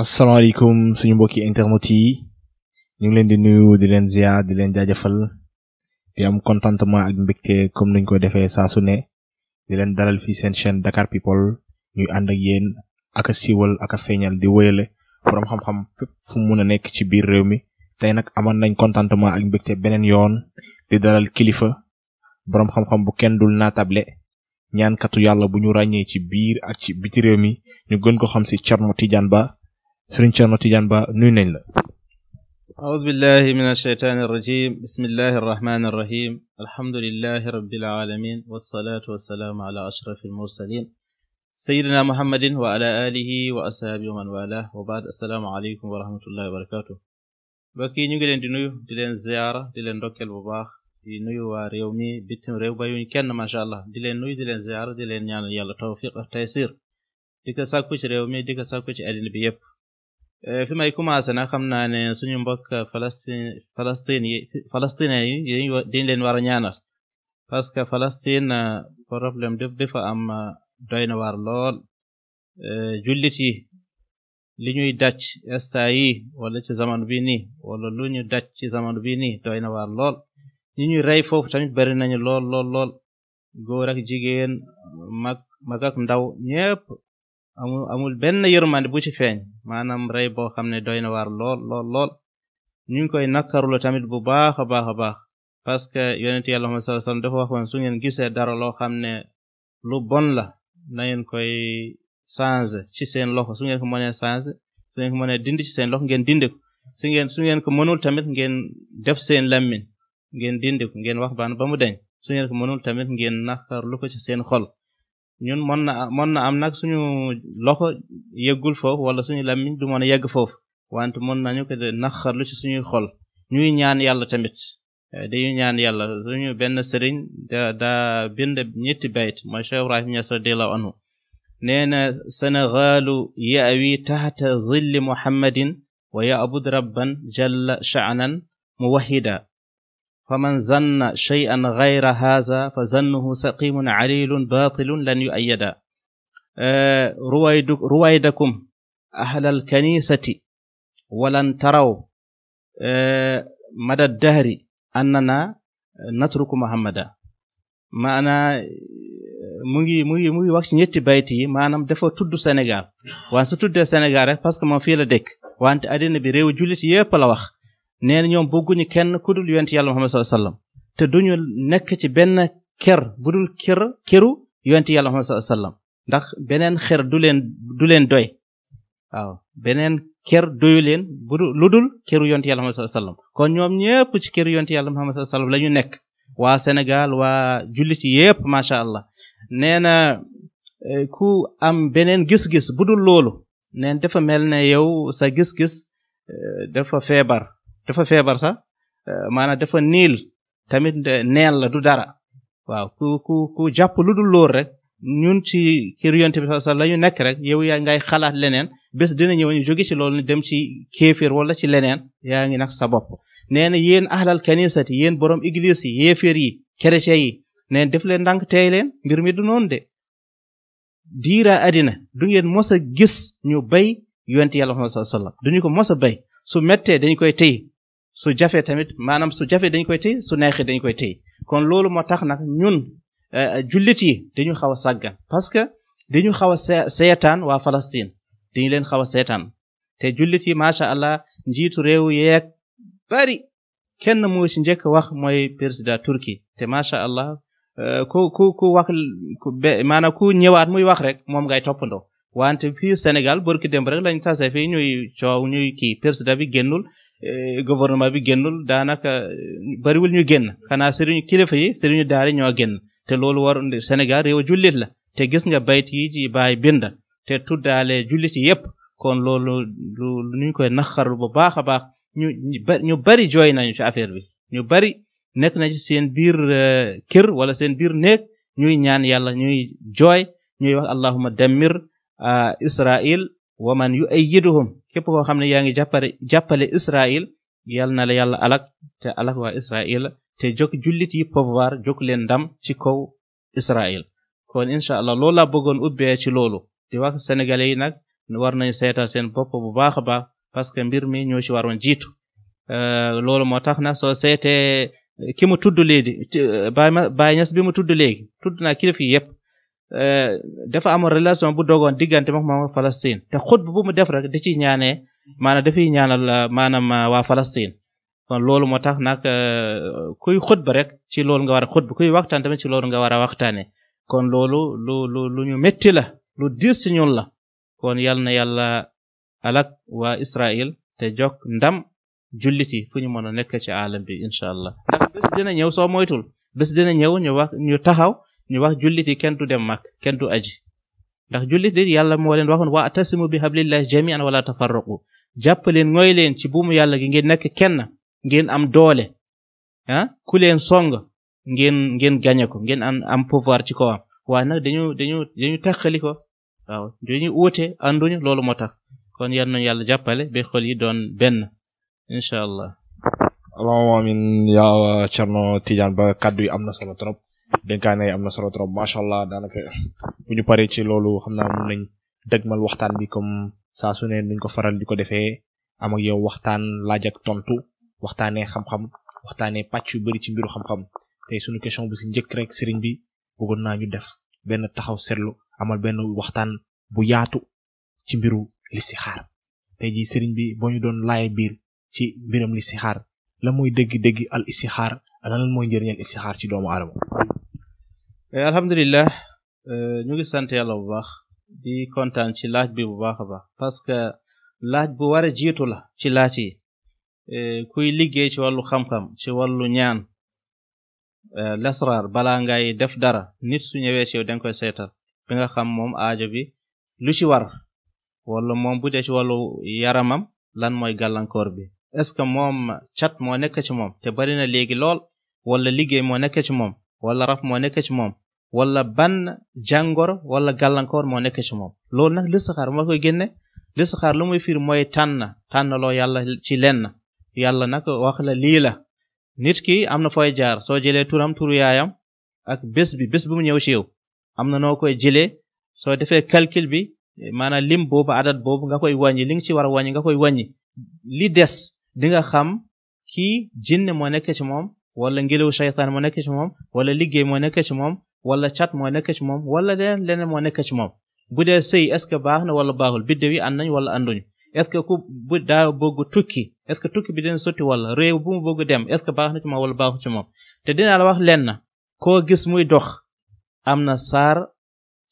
asalaamaaleykum suñu mbokki internet yi ñu ngi leen di nuyu di leen ziar di leen jaajëfal di am contentement ak mbégte comme nuñ ko defee saa su ne di leen dalal fii seen chaîne Dakar People ñuy ànd ak yéen ak siiwal ak feeñal di wéyale borom xam-xam fu mun a nekk ci biir réew mi tey nag amoon nañ contentement ak mbégte beneen yoon di dalal kilifa boroom xam-xam bu kenn dul naatable ñaankatu yàlla bu ñu ràññee ci biir ak ci biti réew mi ñu gën ko xam si Thierno Tidiane Ba. Serigne Thierno Tidiane Ba nuyu nañ la أعوذ بالله من الشيطان الرجيم بسم الله الرحمن الرحيم الحمد لله رب العالمين والصلاة والسلام على أشرف المرسلين سيدنا محمد وعلى آله وأصحابه ومن والاه وبعد السلام عليكم ورحمة الله وبركاته bakki ñu ngi leen di nuyu di leen ziyaara di leen ndokkeel bu baax di nuyu waa réew mi bitim réew bayuñ kenn macha allah di leen nuyu di leen ziyaara di leen ñaanal yàlla tawfiq ak taysir di ko sàkku ci réew mi di ko sàkku ci àddina bi yépp Eh, fi may commencé nag xam naa ne suñu mbokk Palestine Palestine yi Palestiniens yi dañ leen war a ñaanal parce que Palestine eh, problème def dafa am eh, doy na waar lool jullit yi li ñuy daj essa yi wala ci zaman bi nii wala lu ñu daj ci zaman bi nii doy na waar lool ñi ñuy rey foofu tamit bari nañu lool lool lool ak jigéen mag mag ndaw ñépp amul amul benn yërmande bu ci feeñ maanaam rey boo xam ne doy na waar lool lool lool ñu ngi koy nakkarlu tamit bu baax a baax a baax parce que yonent yàlla Muhammad sallallahu alayhi wasallam dafa waxoon su ngeen gisee dara loo xam ne lu bon la na ngeen koy changer ci seen loxo su ngeen ko mënee changer su ngeen ko mënee dindi ci seen loxo ngeen dindi ko su ngeen su ngeen ko mënul tamit ngeen def seen làmmiñ ngeen dindi ngeen wax baan ba mu deñ su ngeen ko mënul tamit ngeen nakkarlu ko ci seen xol ñun mën na mën na am nag suñu loxo yeggul foofu wala suñu làmmiñ du mën a yegg foofu want mën nañu ko de naqarlu ci suñuy xol ñuy ñaan yàlla tamit eh, dañuy ñaan yàlla suñu benn sëriñ da daa bind ñetti bayt mooy Cheikh Ibrahim Niass radiallahu anhu nee na Sénégalu yaawi taxta zilli muhammadin wa yaabud rabban jalla sha'nan muwahida فمن ظن شيئا غير هذا فظنه سقيم عليل باطل لن يؤيدا رويدكم أهل الكنيسة ولن تروا مدى الدهر أننا نترك محمدا maana mu ngi mu ngi mu ngi wax ci ñetti bayt yi maanaam dafa tudd Sénégal waaye su tuddee Sénégal rek parce que moom fii la dëkk wante àddina bi réew jullit yépp la wax nee ñoom bëgguñu kenn ku dul yonent yàlla Muhammad sallallahu alayhi wasallam te duñu nekk ci benn ker bu dul kër këru yonent yàlla Muhammad sallallahu ndax beneen xer du leen du leen doy waaw beneen kër doyu leen bu dul lu dul këru yonent yàlla Muhammad sallallahu kon ñoom ñëpp ci këru yonent yàlla Muhammad sallallahu lañu nekk waa Sénégal waa jullit yëpp macha allah nee na eh, ku am beneen gis-gis budul loolu neen dafa mel ne yow sa gis-gis eh, dafa feebar dafa feebar sax eh, maanaam defa niil tamit neen la du dara waaw ku ku ku jàpp lu dul lool rek ñun ci kër yonte bi sax la ñu nekk rek yow yaa ngay xalaat leneen bés dina ñëw ñu jóge ci loolu dem ci kéeféer wala ci leneen yaa ngi nag sa bopp nee na yéen ahlal kanisati yéen borom église yi yéeféer yi chrétien yi neen def leen ndànk tey leen mbir mi du noon de diira àddina du ngeen mos a gis ñu bay yonte yàlla Muhammad sallallahu alayhi ko mos a bay su mettee dañu koy tey su jafee tamit maanaam su jafe dañ koy téye su neexee dañ koy téye kon loolu moo tax nag ñun eh, eh, jullit yi dañu xaw a sàggan parce que dañu xaw a seetaan waa Palestine dañu leen xaw a seetaan te jullit yi macha allah njiitu réew yeeg bari kenn moo si njëkk wax mooy persida Turquie te macha allah eh, ku ku ku wax maanaam ku ñëwaat muy wax rek moom ngay toppandoo wante fi Sénégal barki dem rek lañ tase fii ñuy coow ñuy kii président bi génnul Eh, gouvernement bi génnul daanaka eh, bariwul ñu génn xanaa sëriñu kilifa yi sëriñu daari ñoo génn te loolu war Sénégal réew jullit la te gis nga bayt yi ci baay bind te tuddaale jullit yi yépp kon loolu lu ñu koy naqarlu bu baax a baax ñu ñu bari jooy nañu ci affaire bi ñu bari nekk na ci seen biir eh, kër wala seen biir néeg ñuy ñaan yàlla ñuy jooy ñuy wax allahuma dammir ah, israil wa man yuayiduhum képp koo xam ne yaa ngi jàppale jàppale Israël yal na la yàlla alak te alak waa Israël te jog jullit yi pouvoir jog leen ndam ci kaw Israël kon incha allah loolu laa bëggoon ubbee ci loolu di wax sénégalais yi nag war nañu seeta seen bopp bu baax a baax parce mbir mi ñoo ci waroon jiitu euh, loolu moo tax na soo seetee ki mu tudd léegi Baye Niass bi mu tudd léegi tudd naa kilifa yépp Eh, dafa amoon relation bu dogoon diggante moom moom Palestine te xutba bu mu def rek da ciy ñaanee maanaam dafiy ñaanal eh, maanaam eh, waa Palestine kon loolu moo tax nag kuy xutba rek ci loolu nga war a xutba kuy waxtaan tamit ci loolu nga war a waxtaanee kon loolu lu lu ñu métti la lu diis si ñun la kon yal na yàlla alak waa Israël te jokk ndam julliti fu ñu mën a nekk ci aalam bi allah ndax bés dina ñëw moytul bés dina ñëw ñu taxaw ñu wax jullit yi kenn du dem mag kenn du aji ndax jullit yi yàlla moo leen waxoon wa atasimu bi hablillahi jamian wala tafarraqu jàpp leen ngooy leen ci buumu yàlla gi ngeen nekk kenn ngeen am doole ah ku leen song ngeen ngeen gañe ko ngeen am am pouvoir ci kawam waaye nag dañu dañu dañu teqali ko waaw ñu uute ànduñu loolu moo tax kon yal nañu yàlla jàppale ba xol yi doon benn incha allah. allahumma amin yaa Cerno Tidiane Ba kàddu yi am na solo trop. dénkaane am na solo trop macha allah daanaka bu ñu paree ci loolu xam naa mun nañ dëgmal waxtaan bi comme saa su ne nuñ ko faral di ko defee am yow waxtaan laaj ak tontu waxtaanee xam-xam waxtaanee pàcc yu bari ci mbiru xam-xam tey suñu question bu si njëkk rek sëriñ bi bëggoon naa ñu def benn taxaw seetlu amal benn waxtaan bu yaatu ci mbiru listixaar tey jii sëriñ bi boo ñu doon laaye biir ci mbiram xaar la mooy dëgg-dëgg al istixaar lan mooy njëriñal istixaar ci doomu aadama Eh, alhamdulilah eh, ñu ngi sant yàlla bu baax di kontaan ci laaj bi bu baax a baax parce que laaj bu war a jiitu la ci laaj yi eh, kuy liggéey ci wàllu xam-xam ci wàllu ñaan lasraar balaa ngay def dara nit su ñëwee ci yow danga koy seetal bi nga xam moom aajo bi lu ci war wala moom bu dee ci wàllu yaramam lan mooy gàllankoor bi est-ce que moom cat moo nekk ci moom te bari na léegi lool wala liggéey moo nekk ci moom wala raf moo nekk ci moom wala ban jàngoro wala gàllankoor moo nekk ci moom loolu nag listixaar moo koy génne listixaar lu muy fiir mooy tànn tànnaloo yàlla ci lenn yàlla nag wax la lii la nit ki am na fooy jaar soo jëlee turam tur yaayam ak bés bi bés bu mu ñëw ci yow am na noo koy jilee soo defee calcul bi maanaam lim boobu adat boobu nga koy wàññi li nga ci war a wàññi nga koy wàññi li des di nga xam kii jinne moo nekk ci moom wala ngelaw seytaan moo nekk ci moom wala liggéey moo nekk moom wala cat mooy nekk ci moom wala leneen leneen moo nekk ci moom bu dee sëy est ce que baax na wala baaxul biddew yi ànd nañ wala ànduñu est ce que ku bu daa bëgg tukki est ce que tukki bi dina sotti wala réew bu mu bëgg dem est ce que baax na ci moom wala baaxul ci moom te dinaa la wax lenn koo gis muy dox am na saar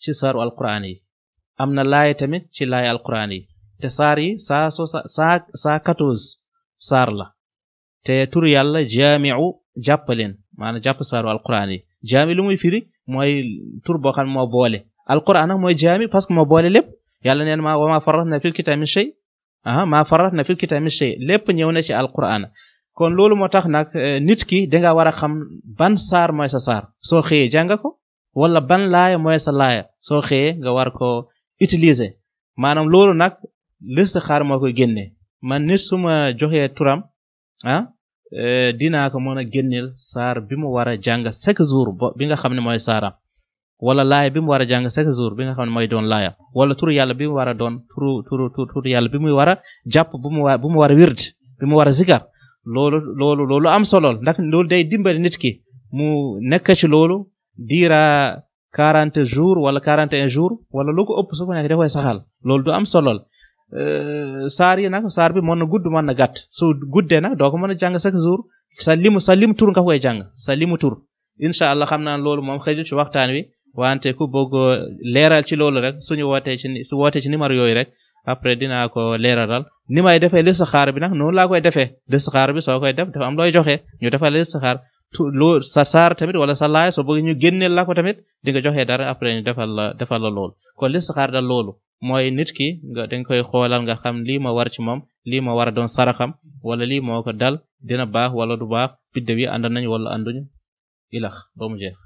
ci saaru alquran yi am na laay tamit ci laay alquran yi te saar yi saa so saa saa quatorze saar la te tur yàlla jaamiu jàppaleen maanaam jàpp saaru alquran yi jaami lu muy mooy tur boo xam ne moo boole alquran nag mooy jaami parce moo boole lépp yàlla neen ma wa maa na fil kitaab min shay aha maa na fil kitaab min shay lépp na ci alquran kon loolu moo tax nag eh, nit ki danga war a xam ban saar mooy sa saar soo xëyee jàng ko wala ban laaya mooy sa laaya soo xëyee nga war ko utiliser maanaam loolu nag listixaar moo koy génne man nit su joxee turam ah Eh, dinaa ko mën a génneel saar bi mu war a jàng chaque jour bi nga xam ne mooy saara wala laaya bi mu war a jàng chaque jour bi nga xam ne mooy doon laaya wala tur yàlla bi mu war a doon turu turu turu yàlla bi muy war a jàpp bu mu war bu mu war a wird bi mu war a zikar loolu loolu loolu am solo ndax loolu day dimbali nit ki mu nekk ci loolu diira quarante wala quarante et un jours wala lu ko ëpp su ko nekk dafay saxal du am solo Eh, saar yi nag saar bi moon na gudd mën na gàtt so guddee nag doo ko mën a jàng chaque jour sa limu sa limu tur nga koy jàng sa limu tur incha allah xam naa loolu moom xëjul ci waxtaan wi wante ku bëgg leeral ci loolu rek suñu wootee ci su wootee ci numéro yooyu rek après dinaa ko leeralal ni may defee listixaar bi nag noonu laa koy defee listixaar bi soo koy def dafa am looy joxe ñu defal listixaar loolu sa saar tamit wala sa laay soo bëgg ñu génneel la ko tamit di nga joxe dara après ñu defal la defal la loolu kon listixaar loolu mooy nit ki nga dañ koy xoolal nga xam lii ma war ci moom lii ma war a doon saraxam wala lii moo ko dal dina baax wala du baax biddew yi ànd nañ wala ànduñu ilax ba mu jeex.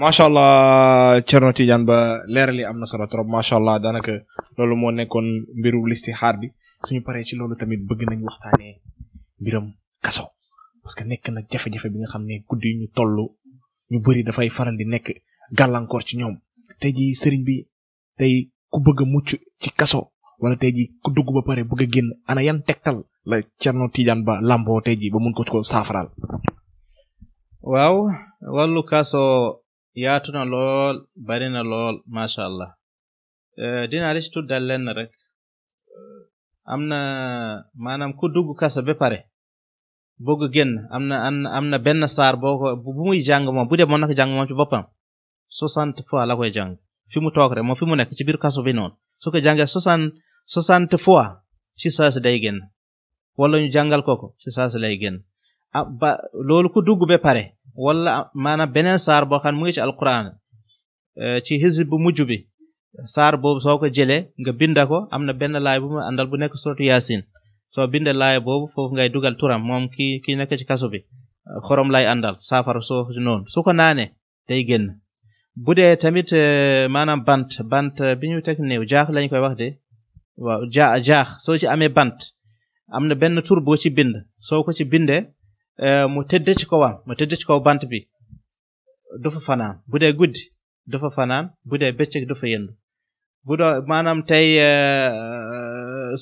macha allah Thierno Tidiane Ba leeral am na solo trop macha allah daanaka loolu moo nekkoon mbiru listixaar bi suñu paree ci loolu tamit bëgg nañ waxtaanee mbiram kaso parce que nekk na jafe-jafe bi nga xam ne guddi ñu toll ñu bëri dafay faral di nekk gàllankoor ci ñoom tey sëriñ bi ku bëgg a mucc ci kaso wala tey ji ku dugg ba pare bëgg a génn ana yan tegtal la Thierno Tidiane Ba làmboo tey ji ba mun ko ko saafaraal waaw wàllu kaso yaatu na lool bari na lool macha allah eh, dinaa des tuddal lenn rek eh, am na maanaam ku dugg kaso ba pare bëgg génn am na am na benn saar boo ko bu muy jàng moom bu dee moom nag jàng ci boppam soixante fois la koy jàng fi mu toog rek moom fi mu nekk ci biir kaso bi noonu su ko jàngee soixante soixante fois ci saasi day génn wala ñu jàngal ko ko ci saasi lay génn ah ba loolu ku dugg be pare wala maanaam beneen saar boo xam mu ngi ci alquran eh, ci hizb bu mujj bi saar boobu soo ko jëlee nga binda ko am na benn laay bu mu àndal bu nekk suratu yaasin soo binde laay boobu foofu ngay dugal turam moom ki ki nekk ci kaso bi xorom lay àndal saafara soo noonu su ko naanee day génn bu dee tamit euh, maanaam bant bant euh, bi ñu teg néew jaax lañ koy wax de waaw jaa jaax soo ci amee bant am na benn tur boo ci bind soo ko ci bindee euh, mu tëdd ci kawam mu tëdd ci kow bant bi du fa fanaan bu dee guddi du fa fanaan bu dee bëccëg du fa yendu bu doo maanaam tey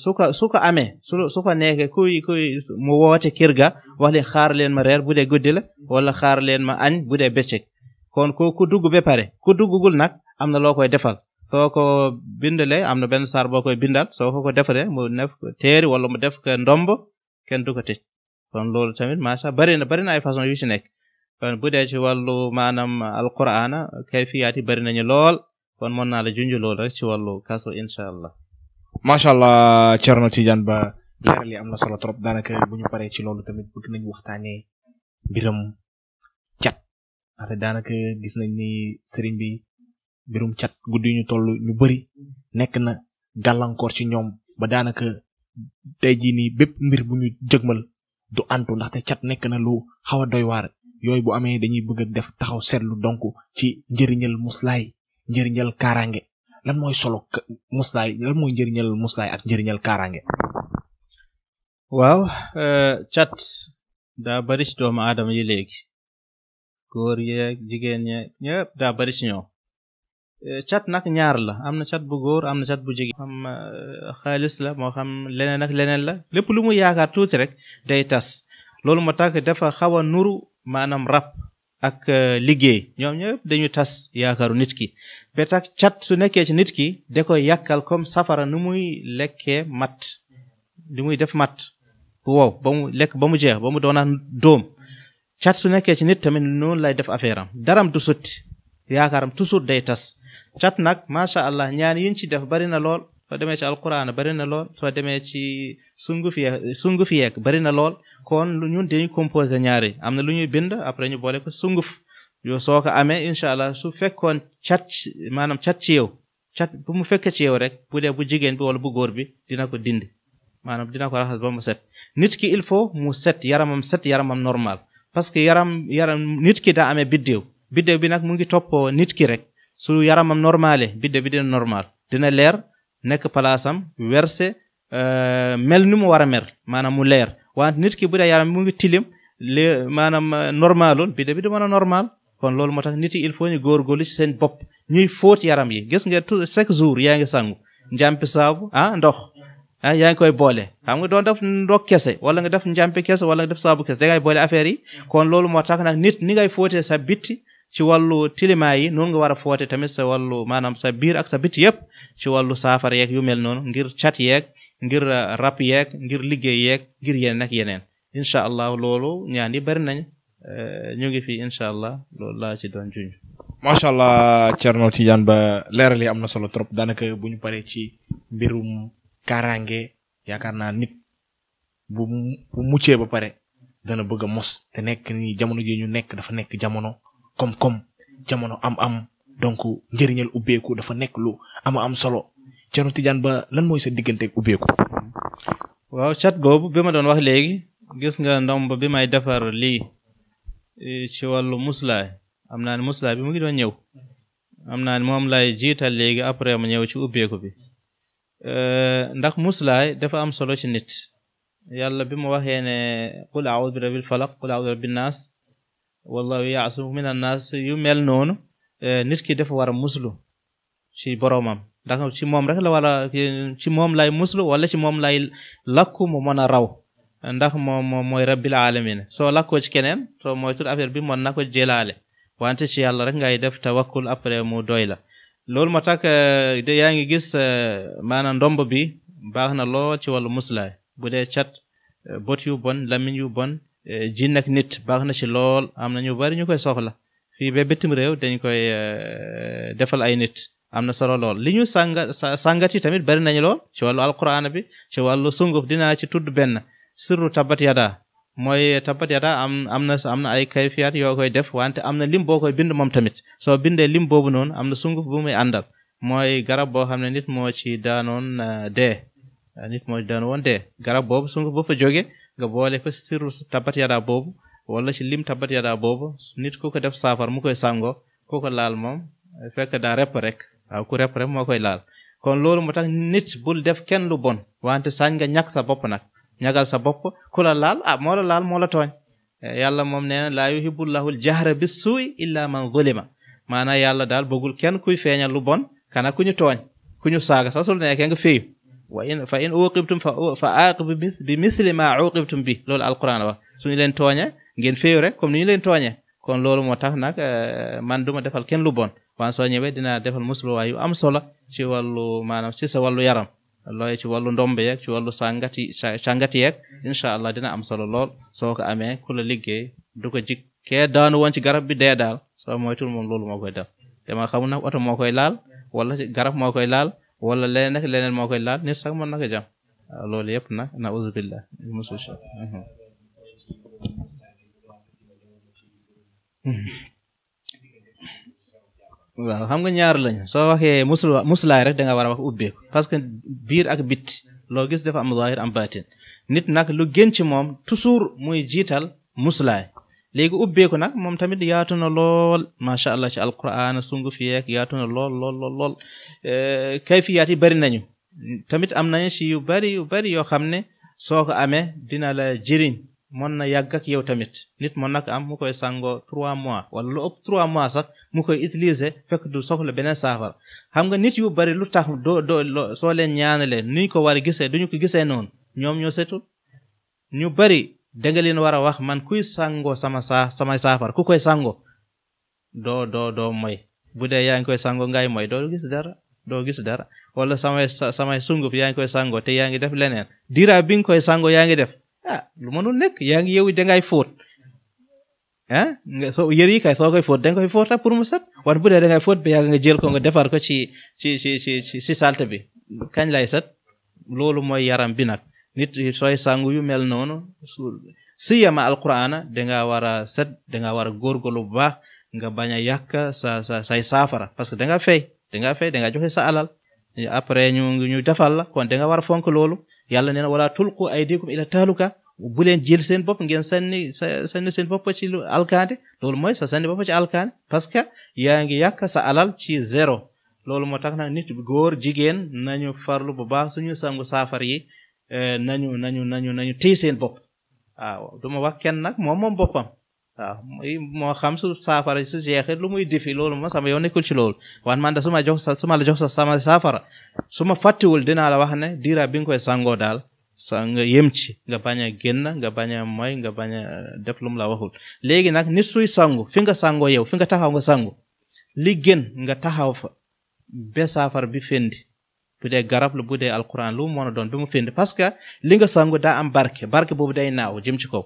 su ko su ko amee su su ko nekkee kuy kuy mu woote kër ga wax leen xaar leen ma reer bu dee guddi la wala xaar leen ma añ bu dee bëccëg kon ko ku dugg ba pare ku duggagul nag am na loo koy defal soo ko bindalee am na benn saar boo koy bindal soo ko ko defalee mu def ko wala mu def ko ndomb kenn du ko tëj kon loolu tamit macha bari na bari na ay façon yu ci nekk kon bu dee ci wàllu maanaam alquraana kayfiyaat yi bari nañu lool kon mën naa la junj lool rek ci wàllu kaso incha allah. macha allah Thierno Tidiane Ba leeral yi am na solo trop daanaka bu ñu paree ci loolu tamit bëgg nañu waxtaanee mbiram en fait daanaka gis nañ ni sëriñ bi mbirum cat guddi ñu toll ñu bëri nekk na gàllankoor ci ñoom ba daanaka tey jii nii bépp mbir bu ñu jëgmal du antu ndaxte cat nekk na lu xaw a doy waar yooyu bu amee dañuy bëgg a def taxaw seetlu donc ci njëriñal muslaay njëriñal kaaraange lan mooy solo muslaay lan mooy njëriñal muslaay ak njëriñal kaaraange. waaw euh, cat daa bari ci doomu aadama yi léegi. góor yeeg jigéen ñeeg ñëpp daa ñoom eh, cat nag ñaar la am na cat bu góor am na cat bu jigéen xam eh, xaalis la moo xam leneen ak leneen la lépp lu muy yaakaar tuuti rek day tas loolu moo tax dafa xaw a nuru maanaam rab ak eh, liggéey ñoom ñëpp dañu tas yaakaaru nit ki ba tax cat su nekkee ci nit ki de ko yàkkal comme safara nu muy lekkee matt li muy def matt bu wow lekk ba mu jeex ba mu doonaat dóom cat su nekkee ci nit tamit noonu lay def affaire am daram du sotti yaakaaram toujours day tas cat nag macha allah ñaan yiñ ci def bari na lool soo demee ci alquran bari na lool soo demee ci sunguf yeeg sunguf yeeg bari na lool kon lu ñun dañuy composé ñaari am na lu ñuy bind après ñu boole ko sunguf yow soo ko amee incha allah su fekkoon cat maanaam cat ci yow cat bu mu fekkee ci yew rek bu dee bu jigéen bi wala bu góor bi dina ko dindi maanaam dina ko raxas ba mu set nit ki il faut mu set yaramam set yaramam normal parce que yaram yaram nit ki daa amee biddew biddew bi nag mu ngi topp nit ki rek su yaramam normale biddew bi dina normal dina leer nekk palaasam werse euh, mel ni mu war a mer maanaam mu leer wante nit ki bu dee yaram mu ngi tilim lé maanaam euh, normalul biddew bi du mën a normal kon loolu moo tax nit yi il faut ñu góorgóorlu ci seen bopp ñuy fóot yaram yi gis nga tout chaque jour yaa ngi sangu njàmpi saabu ah ndox ah yaa ngi koy boole xam nga doon def ndox kese wala nga def njàmpe kese wala nga def saabu kese da ngay boole affaire yi kon loolu moo tax nit ni ngay fóote sa bitti ci wàllu tilimaa yi noonu nga war a fóote tamit sa wàllu maanaam sa biir ak sa bitti yëpp ci wàllu saafara yeeg yu mel noonu ngir chat yeeg ngir uh, rab yeeg ngir liggéey yeeg ngir yeneen ak yeneen incha allah loolu ñaan yi bari nañ uh, ñu ngi fi incha allah loolu laa ci doon juñ. macha allah Thierno Tidiane Ba leeral yi am na solo trop daanaka bu ñu paree ci mbirum. kaaraange yaakaar naa nit bu bu muccee ba pare dana bëgg a mos te nekk nii jamono ji ñu nekk dafa nekk jamono koom-koom jamono am-am donc njëriñal ubbeeku dafa nekk lu ama am solo Thierno Tidiane Ba lan mooy sa diggante ubbeeku. waaw chat boobu bi ma doon wax léegi gis nga ndomb bi may defar lii e, ci wàllu muslaay am naa ne muslaay bi mu ngi doon ñëw am naa ne moom lay jiital léegi après mu ñëw ci ubbeeku bi. Euh, ndax muslaay dafa am solo ci nit yàlla bi mu waxee ne qul a'udhu bi rabbil falaq qul a'udhu bi rabbin naas wallahu yaasimu min an naas yu mel noonu euh, nit ki dafa war a muslu ci boroomam ndax ci moom rek la war ci moom lay muslu wala ci moom lay lakku mu mën a raw ndax moom moom mooy rabbil alamin soo lakkoo ci keneen soo moytul affaire bi mën na ko jëlaale wante ci yàlla rek ngay def tawakkul après mu doy la loolu moo eh, de yaa ngi gis eh, maanaam ndomb bi baax na lool ci wàllu muslaay bu dee chat eh, bot yu bon lamiñ yu bon jinn ak nit baax na ci lool am na ñu bari ñu koy soxla fii ba bitim réew dañ koy defal ay nit am na solo lool li ñu sànga sàngat yi tamit bari nañu lool ci wàllu alquran bi ci wàllu sunguf dinaa ci tudd benn sirru tabat yada mooy tappateta am am na am na ay kayfiyaat yoo koy def wante am na lim boo koy bind moom tamit soo bindee lim boobu noonu am na sunguf bu muy àndal mooy garab boo xam ne nit moo ci daanoon euh, dee euh, nit moo garab boobu sunguf ba fa jóge nga boole fa siru tabat yadaa boobu wala ci lim tabat yadaa boobu nit ku ko def saafar mu koy sàngoo ku ko laal moom fekk daa repp rek waaw ku repp rek moo koy laal kon loolu moo tax nit bul def kenn lu bon wante sañ nga ñàkk sa bopp nag ñagal sa bopp ku la laal ah moo la laal moo tooñ yàlla moom nee na laa yuhibbullahul jahra bis suuy illa man zulima maanaam yàlla daal bëggul kenn kuy feeñal lu bon kana ku ñu tooñ ku ñu saaga sa sul nekkee nga féyu wa fa in uqibtum fa aqibu bi misli ma uqibtum bi loolu alquran wa suñu leen tooñe ngeen féyu rek comme ni ñu leen tooñee kon loolu moo tax nag eh, man duma defal kenn lu bon waan soo ñëwee dinaa defal musluwaay yu am solo ci wàllu maanaam ci sa wàllu yaram looy ci wàllu ndombe yeeg ci wàllu sàngati sàngati yeeg incha allah dina am solo lool soo ko amee ku liggéey du ko jik kee daanu woon ci garab bi dee daal soo moytul moom loolu moo koy def dama xamul nag oto moo koy laal wala garab moo koy laal wala leneen leneen moo koy laal nit sax mën na ko jam loolu yëpp nag na uzubillah musu waaw xam nga ñaar lañ soo waxee muslu muslaay rek da nga war a wax ubbeeku parce que biir ak bitti loo gis dafa am zaahir am baatin nit nag lu gën ci moom toujours muy jiital muslaay léegi ubbeeku nag moom tamit yaatu na lool macha allah ci alquran sungu fiyeek yaatu na lool lool lool eh, yi bari nañu tamit am nañu ci yu bari yu bari yoo xam ne soo ko amee dina la jëriñ mën na yàgg ak yow tamit nit mën nag am mu koy sangoo trois mois wala lu ëpp trois mois sax mu koy utiliser fekk du soxla beneen saafara xam nga nit yu bari lu tax doo doo soo leen ñaanale ni ñu ko war a gisee duñu ko gisee noon ñoom ñoo setul ñu bari danga leen war a wax man kuy sangoo sama saa samay saafara ku koy sangoo doo doo doo mooy bu dee yaa ngi koy sangoo ngay mooy doo gis dara doo gis dara wala samay samay sunguf yaa ngi koy sangoo te yaa ngi def leneen dira bi nga koy sangoo yaa ngi def ah lu mënul nekk yaa ngi yow dangay fóot ah nga soo yër yi kay soo koy fóot danga koy fóota pour mu set wan bu dee dangay fóot ba yàgg nga jël ko nga defar ko ci ci ci ci ci salte bi kañ lay set loolu mooy yaram bi nag nit sooy sangu yu mel noonu si yama alquraana danga war a set danga war a góorgóorlu bu baax nga bañ a yàq sa sa say saafara parce que danga fay danga fay danga joxe sa alal après ñu ñu defal la kon danga war a fonk loolu yàlla nee na wala tulqu aydikum ila tahluka bu leen jël seen bopp ngeen sànni sa sànni seen bopp ci lu alkaande loolu mooy sa sànni bopp ci alkaande parce que yaa ngi yàq sa alal ci zéro loolu moo tax nag nit góor jigéen nañu farlu bu baax suñu sangu saafara yi eh, nañu nañu nañu nañu téye seen bopp waaw du ma wax kenn nag moom moom boppam waaw moo xam su saafara su jeexee lu muy defi loolu ma sama yow nekkul ci loolu wan man da su ma jox sa su ma la jox sa sama saafara su ma fàttiwul dinaa la wax ne diira bi nga koy sangoo daal sa nga ci nga bañ a génn nga bañ moy nga bañ a def lu la waxul léegi nag ni suy sangu fi nga sangoo yow fi nga taxaw nga sangu li gën nga taxaw fa ba saafara bi fendi bu dee garab lu bu dee al alquran lu mu mën a doon bi mu fendi parce que li nga sangu daa am barke barke boobu day naaw jëm ci kaw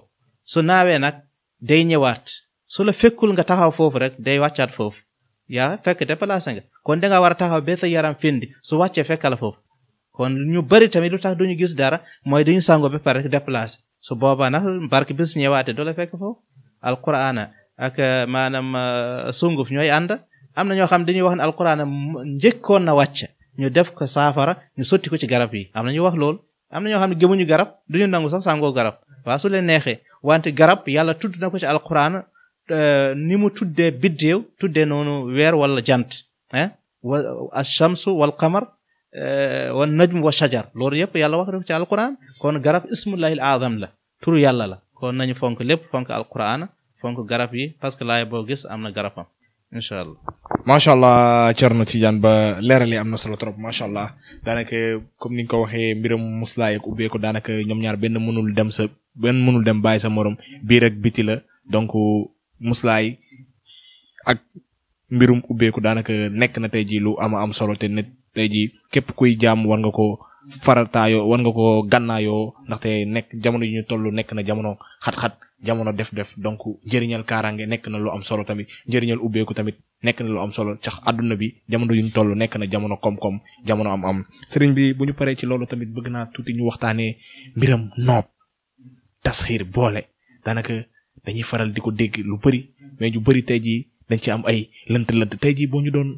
day ñëwaat su la fekkul nga taxaw foofu rek day wàccaat foofu yaa fekk déplacé nga kon da nga war a taxaw be sa yaram findi su wàccee fekkal foofu kon ñu bëri tamit lu tax du ñu gis dara mooy duñu sango ba pare rek déplacé su boobaa na barke bis ñëwaate doo la fekk foofu alquraan ak eh, maanaam eh, sunguf ñooy ànd am na ñoo xam dañuy wax ne alquraan njëkkoon na wàcc ñu def ko saafara ñu sotti ko ci garab yi am na ñu wax lool am na ñoo xam ne gëmuñu garab duñu nangu sax sangoo garab waa su leen neexee wante garab yàlla tudd na ko ci alquran euh, ni mu tuddee biddéew tuddee noonu weer wala jant ah wa alchamsu wal qamar euh, wa najm wa shajar loolu yëpp yàlla wax na ko ci alquran kon garab ismullahil azam la turu yàlla la kon nañu fonk lépp fonk alquran fonk garab yi parce que laay boo gis am na garabam incha allah. macha allah Thierno Tidiane ba leeral yi am na solo trop macha allah daanaka comme ni nga ko waxee mbiram muslaay ak ubbeeku daanaka ñoom ñaar benn mënul dem sa benn mënul dem bàyyi sa moroom biir ak biti la donc muslaay ak mbirum ubbeeku daanaka nekk na tey jii lu ama am solo te ne képp kuy jaam war nga ko farataayoo war nga ko gànnaayoo ndaxte nekk jamono yi ñu toll nekk na jamono xat-xat jamono def-def donc njëriñal kaaraange nekk na lu am solo tamit njëriñal ubbeeku tamit nekk na lu am solo sax àdduna bi jamono yu ñu toll nekk na jamono koom-koom jamono am-am sëriñ bi bu ñu paree ci loolu tamit bëgg naa tuuti ñu waxtaanee mbiram noob tasxiir boole danaka dañuy faral di ko dégg lu bari mais ñu bëri tey jii dañ ci am ay lënt-lënt tey jii boo ñu doon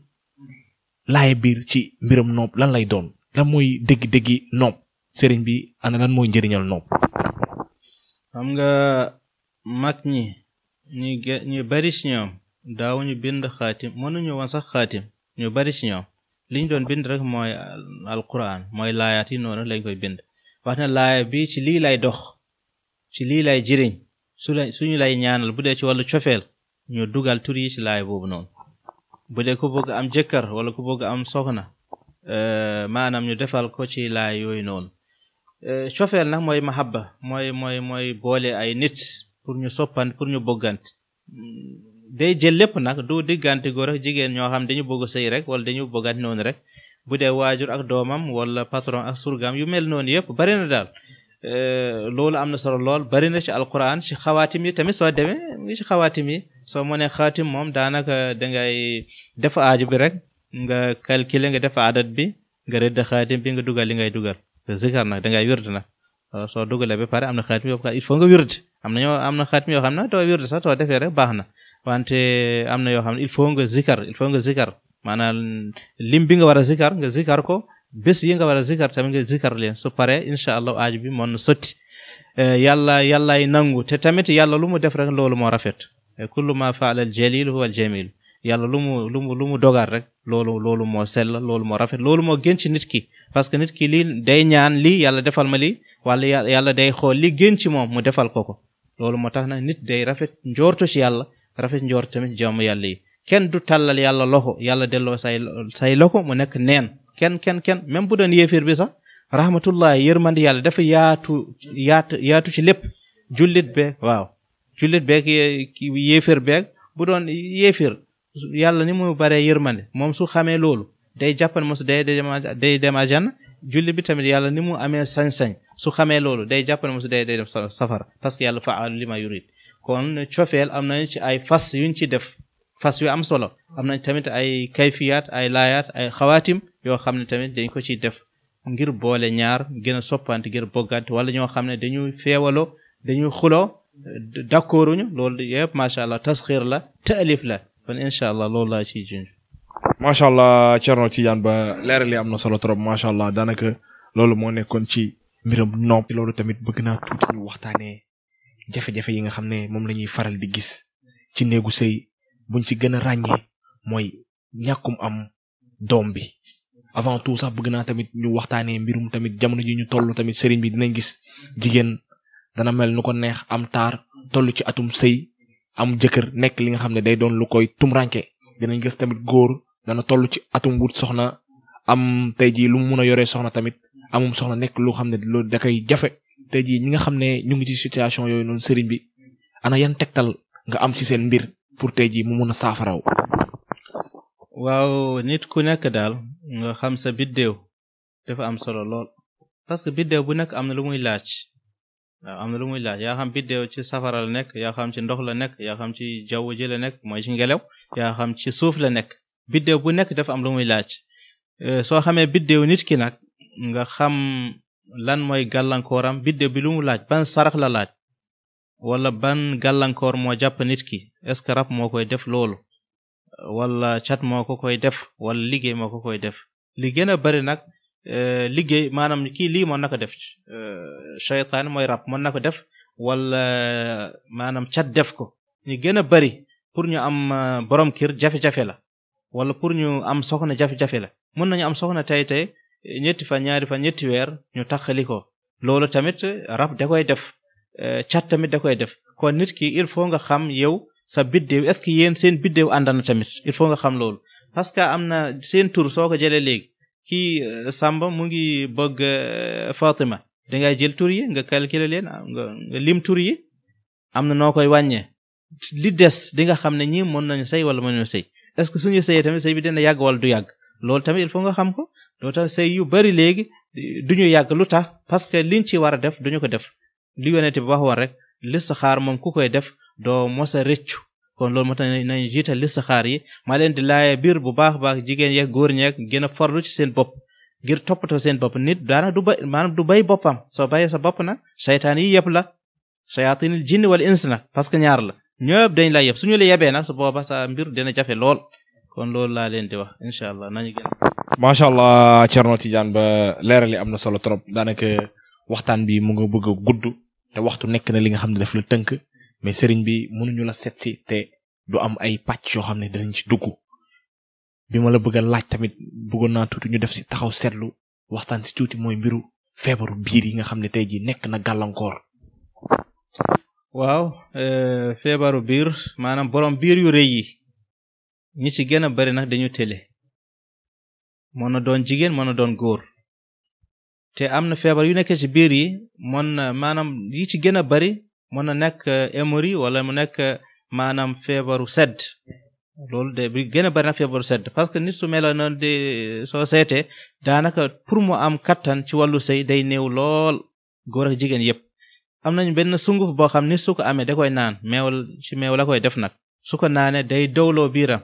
laaye biir ci mbiram nopp lan lay doon lan mooy dégg-déggi nopp sëriñ bi ana lan mooy njëriñal nopp. xam nga mag ñi ñu ge ñu bari ci ñoom daawuñu bind xaatim mënuñu woon sax xaatim ñu bari ci ñoom li doon bind rek mooy alquran mooy laayaat yi noonu lañ koy bind wax laaya bi ci lii lay dox. ci lii lay jëriñ su la suñu lay ñaanal bu dee ci wàllu cofeel ñu dugal tur ci laay boobu noon bu dee ko bëgg am jëkkër wala ko bëgg am soxna euh, maanaam ñu defal ko ci laay yooyu noonu euh, cofeel nag mooy mahabba mooy mooy mooy boole ay nit pour ñu soppant pour ñu bëggante day jël lépp nag du diggante góor ak jigéen ñoo xam dañu bëgg sëy rek wala dañu bëggante noonu rek bu dee waajur ak doomam walla patron ak surgaam yu mel noonu yëpp bari na daal Eh, loolu am na solo lool bari na ci alquran ci xawaatim yi tamit soo demee mu ngi ci xawaatim yi soo mënee xaatim moom daanaka dangay defa aaju bi rek nga calculer nga def adat bi nga rëdd xaatim bi nga dugal li ngay dugal te zikar nag dangay wird nag soo dugalee ba pare am na xaatim yoo il nga wird am na ñoo am na xaatim yoo xam ne doo wird sax defee rek baax na wante am na yoo xam ne il faut nga zikar il faut nga zikar maanaam lim bi nga war a zikar nga zikar ko bés yi nga war a zikar tamit nga zikar leen so pare incha allah aaj bi moon sotti eh, yàlla yàllaay nangu te tamit yàlla lu mu def rek loolu moo rafet eh, kullu ma faala al jalil huwa al jamil yàlla lu mu lu mu lu mu dogaat rek loolu loolu moo sell loolu moo rafet loolu moo gën ci nit ki parce que nit ki lii day ñaan lii yàlla defal ma lii wala yàlla day xool li gën ci moom mu defal ko ko loolu moo tax nag nit day rafet njoortu ci yàlla rafet njoort tamit jaamu yàlla yi kenn du tàllal yàlla loxo yàlla delloo say say loxo mu nekk neen kenn kenn kenn même bu doon yéeféer bi sax rahmatullah yërmandi yàlla dafa yaatu yaatu yaatu ci lépp jullit beeg waaw jullit beeg yéeféer beeg bu doon yéeféer yàlla ni mu baree yërmande moom su xamee loolu day jàppan mosu day day dem àjjana jullit bi tamit yàlla ni mu amee sañ-sañ su xamee loolu day jàppan mosu day day def safara parce que yàlla faalu li ma yurid cofeel am na ay fas yuñ ci def fas yu am solo am nañ tamit ay kayfiyaat ay laayaat ay xawaatim yoo xam ne tamit dañ ko ci def ngir boole ñaar gën a soppante ngir boggante wala ñoo xam ne dañuy feewaloo dañuy xuloo d'accorduñu loolu yëpp macha allah tasxiir la taalif la kon incha allah loolu laa ciy junj. macha allah ci Tidiane Ba leeral am na solo trop macha allah daanaka loolu moo nekkoon ci mbiram nopp. loolu tamit bëgg na tuuti ñu waxtaanee jafe-jafe yi nga xam ne moom lañuy faral di gis ci néegu sey buñ ci gën a ràññee mooy ñàkkum am doom bi avant tout sax bëgg naa tamit ñu waxtaanee mbirum tamit jamono ji ñu tollu tamit sëriñ bi dinañ gis jigéen dana mel nu ko neex am taar tollu ci atum sëy am jëkkër nekk li nga xam ne day doon lu koy tumranke dinañ gis tamit góor dana toll ci atum wut soxna am tey jii lu mu mun a yoree soxna tamit amum soxna nekk lu xam ne loolu da koy jafe tey jii ñi nga xam ne ñu ngi ci situation yooyu noonu sëriñ bi ana yan tegtal nga am ci seen mbir pour tey jii mu mun a saafaraw waaw nit ku nekk daal nga xam sa biddéew dafa am solo lool parce que biddéew bu nekk am na lu muy laaj waaw am na lu muy laaj yaa xam biddéew ci safara la nekk yaa xam ci ndox la nekk yaa xam ci jaww ji la nekk mooy ci ngelaw yaa xam ci suuf la nekk biddéew bu nekk dafa am lu muy laaj euh, soo xamee biddéew nit ki nag nga xam lan mooy gàllankooram biddéew bi lu mu laaj ban sarax la laaj wala ban gàllankoor moo jàpp nit ki est-ce que rab moo koy def loolu wala cat moo ko koy def wala liggéey moo ko koy def li gën a bari nag e, liggéey maanaam kii lii mën na ko def e, shaytaan mooy rab mën na ko def wala maanaam cat def ko ñu gën a bari pour ñu am e, borom kër jafe-jafe la wala pour ñu am soxna jafe-jafe la mën nañu am soxna tey tey ñetti fa ñaari fan ñetti weer ñu taxali ko loolu tamit rab da koy def cat tamit da koy def kon nit ki il faut nga xam yow sa biddéew est-ce que yéen seen biddéew ànd na tamit il faut nga xam loolu parce que am na seen tur soo ko jëlee léegi kii euh, Samba mu ngi bëgg euh, Fatima dangay jël tur yi nga calculer leen ah, nga nga lim tur yi am na noo koy wàññee li des di nga xam ne ñii mën nañu sey wala mënuñu sëy sey ce que suñu sëyee tamit sey bi dina yàgg wal du yàgg loolu tamit il faut nga xam ko doo tax sëy yu bari léegi duñu yàgg lu tax parce que liñ ci war a def duñu ko def li yonente bi wax war rek listixaar moom ku koy def doo mos a rëccu kon loolu moo tax nañ jiital listixaar yi maa leen di laaya biir bu baax baax jigéen yeeg góor ñeeg gën for forlu seen bopp ngir toppatoo seen bopp nit daana du bay maanaam du bay boppam soo bayee sa bopp nag saytaan yi yëpp la sayaatinil jinni wala ins na parce que ñaar la ñëpp dañ lay yeb ñu la yebee nag su booba sa mbir dina jafe lool kon loolu laa leen di wax incha allah nañu gën macha allah Thierno Tidiane ba leerali am na solo trop daanaka waxtaan bi mu nga bëgg gudd waxtu nekk na li nga xam ne daf la tënk mais sëriñ bi mënuñu la seet si te du am ay pàcc yoo xam ne danañ ci dugg bi ma la bëgg a laaj tamit bëggoon naa tuuti ñu def si taxaw seetlu waxtaan si tuuti mooy mbiru feebaru biir yi nga xam ne tey jii nekk na gàllankoor. waaw euh, feebaru biir maanaam borom biir yu rëy yi ñi ci gën a bari nag dañu télé mën na doon jigéen mën na doon góor te am na feebar yu nekk ci biir yi mën na maanaam yi ci gën a bari mën a nekk euh, émori wala mu nekk euh, maanaam feebaru sedd loolu de bi gën na feebaru sedd parce que nit su mel de euh, soo seetee daanaka pour mu am kattan ci wàllu sëy day néew lool góor jigéen yëpp am nañu benn sunguf boo xam nit su ko amee da koy naan meew ci meew la koy def nag su ko naanee day dawloo biiram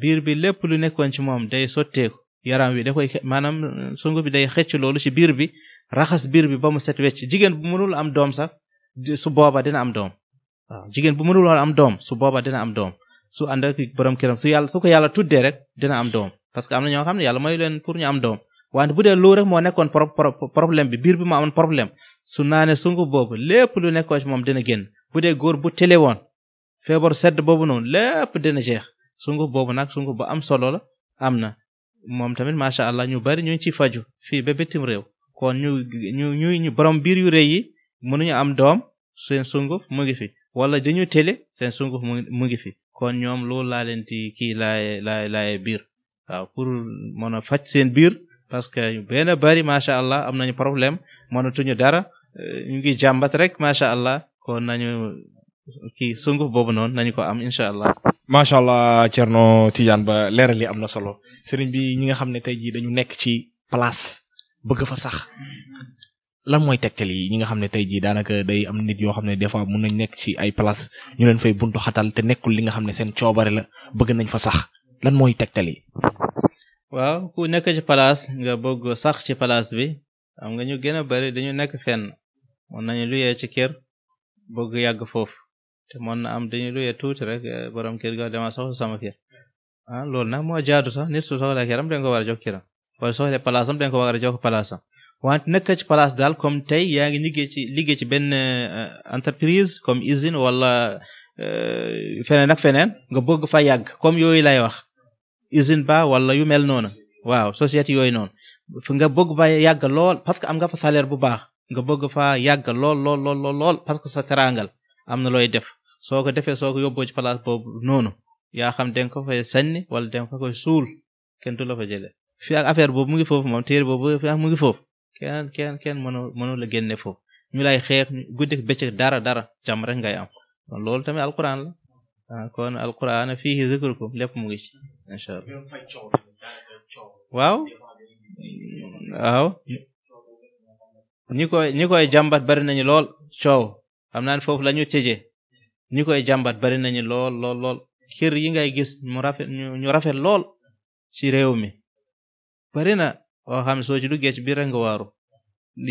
biir bi lépp lu nekkoon ci moom day sotteeku yaram wi da koy maanaam sunguf bi day xëcc loolu ci biir bi raxas biir bi ba mu set wecc jigéen bu mënul am doom sax su booba dina am doom waaw jigéen bu doom su booba dina am doom su ànd ak borom këram su yàlla su ko yàlla tuddee rek dina am doom parce que am na ñoo xam ne yàlla mayu leen pour ñu am doom wante bu dee loolu rek moo nekkoon problème bi biir bi ma amoon problème su naanee sungu boobu lépp lu nekkoon moom dina génn bu dee góor bu télé woon feebar sedd boobu noonu lépp dina jeex sungu boobu nag sungu bu am solo la am na moom tamit macha allah ñu bari ñu ngi ci faju fii ba bitim réew kon mënuñu am doom seen sunguf mu ngi fi wala dañu télé seen sunguf mu ngi fi kon ñoom loolu laa leen di kii laay laay laay biir waaw pour mën a faj seen biir parce que benn bari macha allah am nañu problème mënatuñu dara euh, ñu ngi jàmbat rek macha allah kon nañu kii sunguf boobu noonu nañu ko am incha allah. macha allah Thierno Tidiane Ba leeral li am na solo sëriñ bi ñi nga xam ne tey jii dañu nekk ci place bëgg fa sax lan mooy tegtal yi ñi nga xam ne tey jii daanaka day am nit yoo xam ne des fois mun nañ nekk ci ay place ñu leen fay buntu xatal te nekkul li nga xam ne seen coobare la bëgg nañ fa sax lan mooy tegtal yi. waaw ku nekk ci place nga bëgg sax ci palaas bi xam nga ñu gën a bari dañu nekk fenn mën nañu luyee ci kër bëgg yàgg foofu te mën na am dañu luyee tuuti rek eh, borom kër ga dama soxla sama kër ah loolu nag moo jaadu sax nit su soxla këram dañ ko war a jox këram wala soxla place am dañ ko war a jox place wante nekk ci place daal comme tey yaa ngi liggéey ci liggéey ci benn euh, entreprise comme usine wala euh, feneen ak feneen nga bëgg fa yàgg comme yooyu lay wax usine ba wala yu mel noonu waaw société yooyu noonu nga bëgg ba yàgg lool parce que am nga fa salaire bu baax nga bëgg fa yàgg lool lool lool lool parce que sa teraangal am na looy def soo ko defee soo ko yóbboo ci boobu noonu yaa xam den ko fay sànni wala den ko koy suul kenn loo la fa jëlee fii ak affaire boobu mu ngi foofu mu ngi foofu kenn kenn kenn mënoo mënoo la génne foofu ñu lay xeex guddi bëccëg dara dara jàmm rek ngay am kon loolu tamit alquran la ah, kon alquran fii zikrukum lépp mu ngi ci incha allah waaw waaw ñi koy ñi koy jàmbat bari nañu lool coow xam naa ne foofu la ñu tëjee ñi koy jàmbat bari nañu lool lool lool kër yi ngay gis mu rafet ñu rafet lool ci réew mi oo oh, xam soo ci duggee ci biir rek nga waaru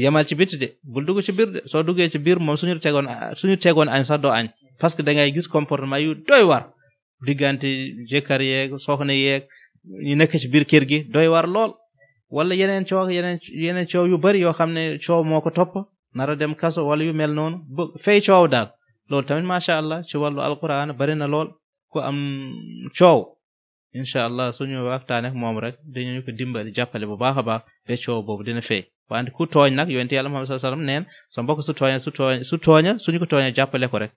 yamal ci bitti de bul dugg ci biir de soo duggee ci biir moom suñu tegoon suñu tegoon añ sax doo añ parce que da ngay gis comportement yu doy waar diggante jëkkër yeeg soxna yeeg ñu nekk ci biir kër gi doy war lool wala yeneen coow yeneen yeneen coow yu bari yoo xam ne coow moo ko topp nara dem kaso wala yu mel noonu ba fay coow daal loolu tamit macha allah ci wàllu alquran bari na lool ku am coow incha allah suñu waxtaanee ak moom rek dañu ko dimbali jàppale bu baax a baax ba coow boobu dina fay wante ku tooñ nag yonent yàlla Muhammad sallallahu alayhi neen sa mbokk su tooñe su tooñe su tooñe suñu ko tooñe jàppale ko rek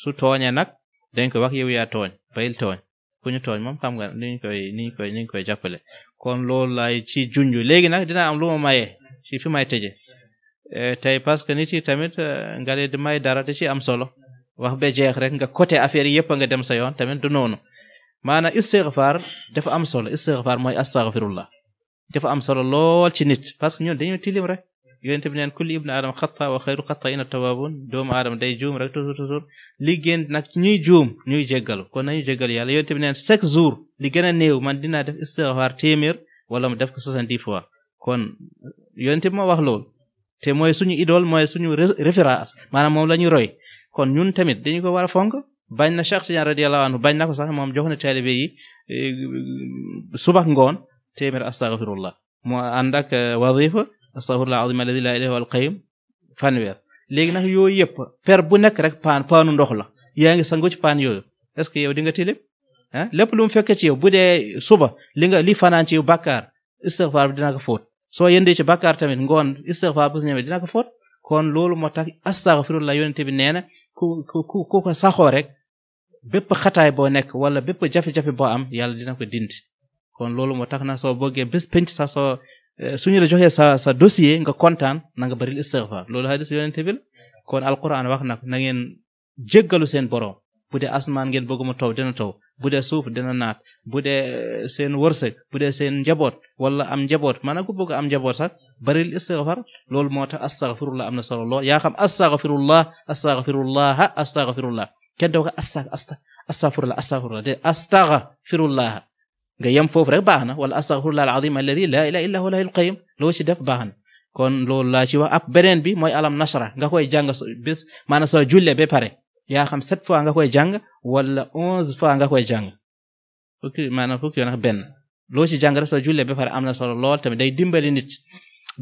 su tooñe nag dañ ko wax yow yaa tooñ bayil tooñ ku ñu tooñ moom xam nga ni ko koy ni ñu koy ni ñu koy jàppale kon loolu laay ci junj léegi nag dina am lu ma maye ci fi may tëje euh, tey parce que nit yi tamit euh, nga di may dara da ci am solo wax ba jeex rek nga côté affaire yëpp nga dem sa yoon tamit noonu maanaam istixfaar dafa am solo istixfaar mooy astaxfirullah dafa am lool ci nit parce que ñun dañoo tilim rek yonent bi neen kulli ibnu aadama xata wa xayru xata ina tawaabuun doomu aadama day juum rek toujours toujours li gën nag ñuy juum ñuy jéggalu kon nañu jéggalu yàlla yonent bi neen chaque jour li gën a néew man dinaa def istixfaar téeméer wala mu def ko soixante-dix fois kon yonent bi ma wax lool te mooy suñu idole mooy suñu référence maanaam moom la ñu roy kon ñun tamit dañu ko war bañ na Cheikh Tidiane radiyallahu anhu bañ na ko sax moom jox na taalibe yi eh, subax ngoon téeméer astaghfirullah mu ànd ak eh, wadifa astaghfirullah azim alladi la ilaha wal qayyim fanweer léegi nag yooyu yëpp per bu nekk rek paan paanu ndox la yaa ngi sangu ci paan yooyu est-ce que yow di nga tilim ah lépp lu mu fekk ci yow bu dee suba li fanaan ci yow bàkkaar istighfar bi dina ko fóot soo yendee ci bàkkaar tamit ngoon istighfar bu si ñëwee dina ko fóot kon loolu moo tax astaghfirullah yonente nee na ku ku ku ko saxoo rek bépp xataay bo nekk wala bépp jafe-jafe bo am yàlla dina ko dindi kon loolu moo tax na soo bëggee bés penc sax soo eh, suñu la joxee sa sa dossier nga kontaan na nga bari istighfar loolu hadis yonente bi la kon alquran wax na na ngeen jéggalu seen borom bu dee ngeen bëgg mu taw dina taw bu dee suuf dina naat bu dee eh, seen wërsëg bu dee seen njaboot wala am njaboot maanaam ku bëgg am njaboot sax baril istighfar loolu moo tax astaghfirullah am na solo lool yaa xam astaghfirullah astaghfirullah astaghfirullah kenn doo ko astag astag astaghfirullah astaghfirullah de astaghfirullah nga yem foofu rek baax na wala astaghfirullah al la ilaha illa huwa al-hayyul qayyum def baax na kon loolu laa ci ak beneen bi mooy alam nasra nga koy jàng bés maanaam soo jullee ba pare yaa xam sept fois nga koy jàng wala onze fois nga koy jàng fukki maanaam fukki yoon ak benn loo ci jàng sa soo jullee ba pare am na solo lool tamit day dimbali nit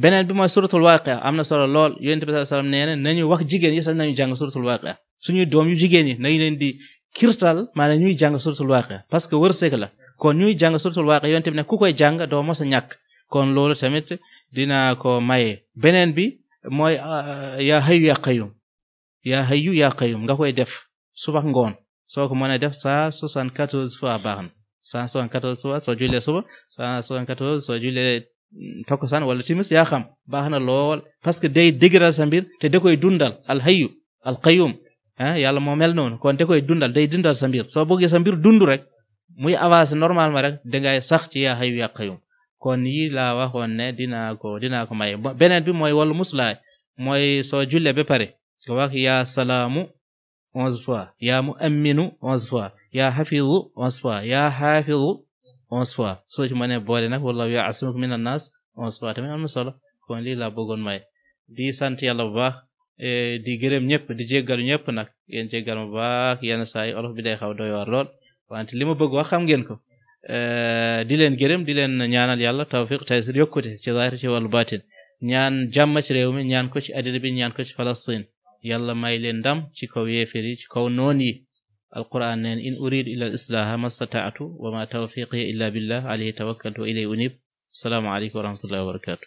beneen bi mooy suratul waaqia am na solo lool yonent sa sallam nee na nañu wax jigéen yi sax nañu jàng suratul waaqia suñu doom yu jigéen yi nañu leen di kirtal maanaam ñuy jàng suratul waaqia parce que wërsëg la kon ñuy jàng suratul waaqia yonent bi ne ku koy jàng doo mos a ñàkk kon loolu tamit dina ko maye beneen bi mooy yaa hayyu yaa hayyu yaa qayyum nga koy def suba ngoon soo ko mën a def saa 74 fois baax na 174 fois soo jullee suba 174 soo jullee takkusaan wala timis yaa xam baax na lool parce que day dëgëral sa te da dundal al hayyu al qayyum ah yàlla moo mel noonu kon da koy dundal day dundal sa mbir soo bëggee sa mbir dund rek muy avancé normalement rek dangay sax ci yaa hayyu yaa qayyum kon yi laa waxoon ne dinaa ko dinaa ko may beneen bi mooy wàllu muslaay soo jullee ba pare Ya Salaamu onze fois Ya Mu'minu onze Ya Hafizu onze fois Ya Hafizu onze fois soo ci mënee boole nag wallahu ya'simuka mina naas onze fois tamit am na solo kon lii laa bëggoon may di sant yàlla bu baax eh, di gërëm ñëpp di jéggalu ñëpp nag yéen jéggal bu baax yenn saa yi olof bi day xaw doy war lool wante li ma bëgg xam ngeen ko eh, di leen gërëm di leen ñaanal yàlla tawfiq taysir yokkute ci zaahir ci wàllu baatin ñaan jàmm ci réew mi ñaan ko ci àddina bi ñaan ko ci Palestine yàlla may leen ndam ci kaw yéefér yi ci kaw noon yi alquran neen in uridu illa al islaaha mastataatu wa ma tawfiqi illa billah alayhi tawakkaltu wa ilayhi unib asalaamu aleykum wa rahmatullahi wa barakatu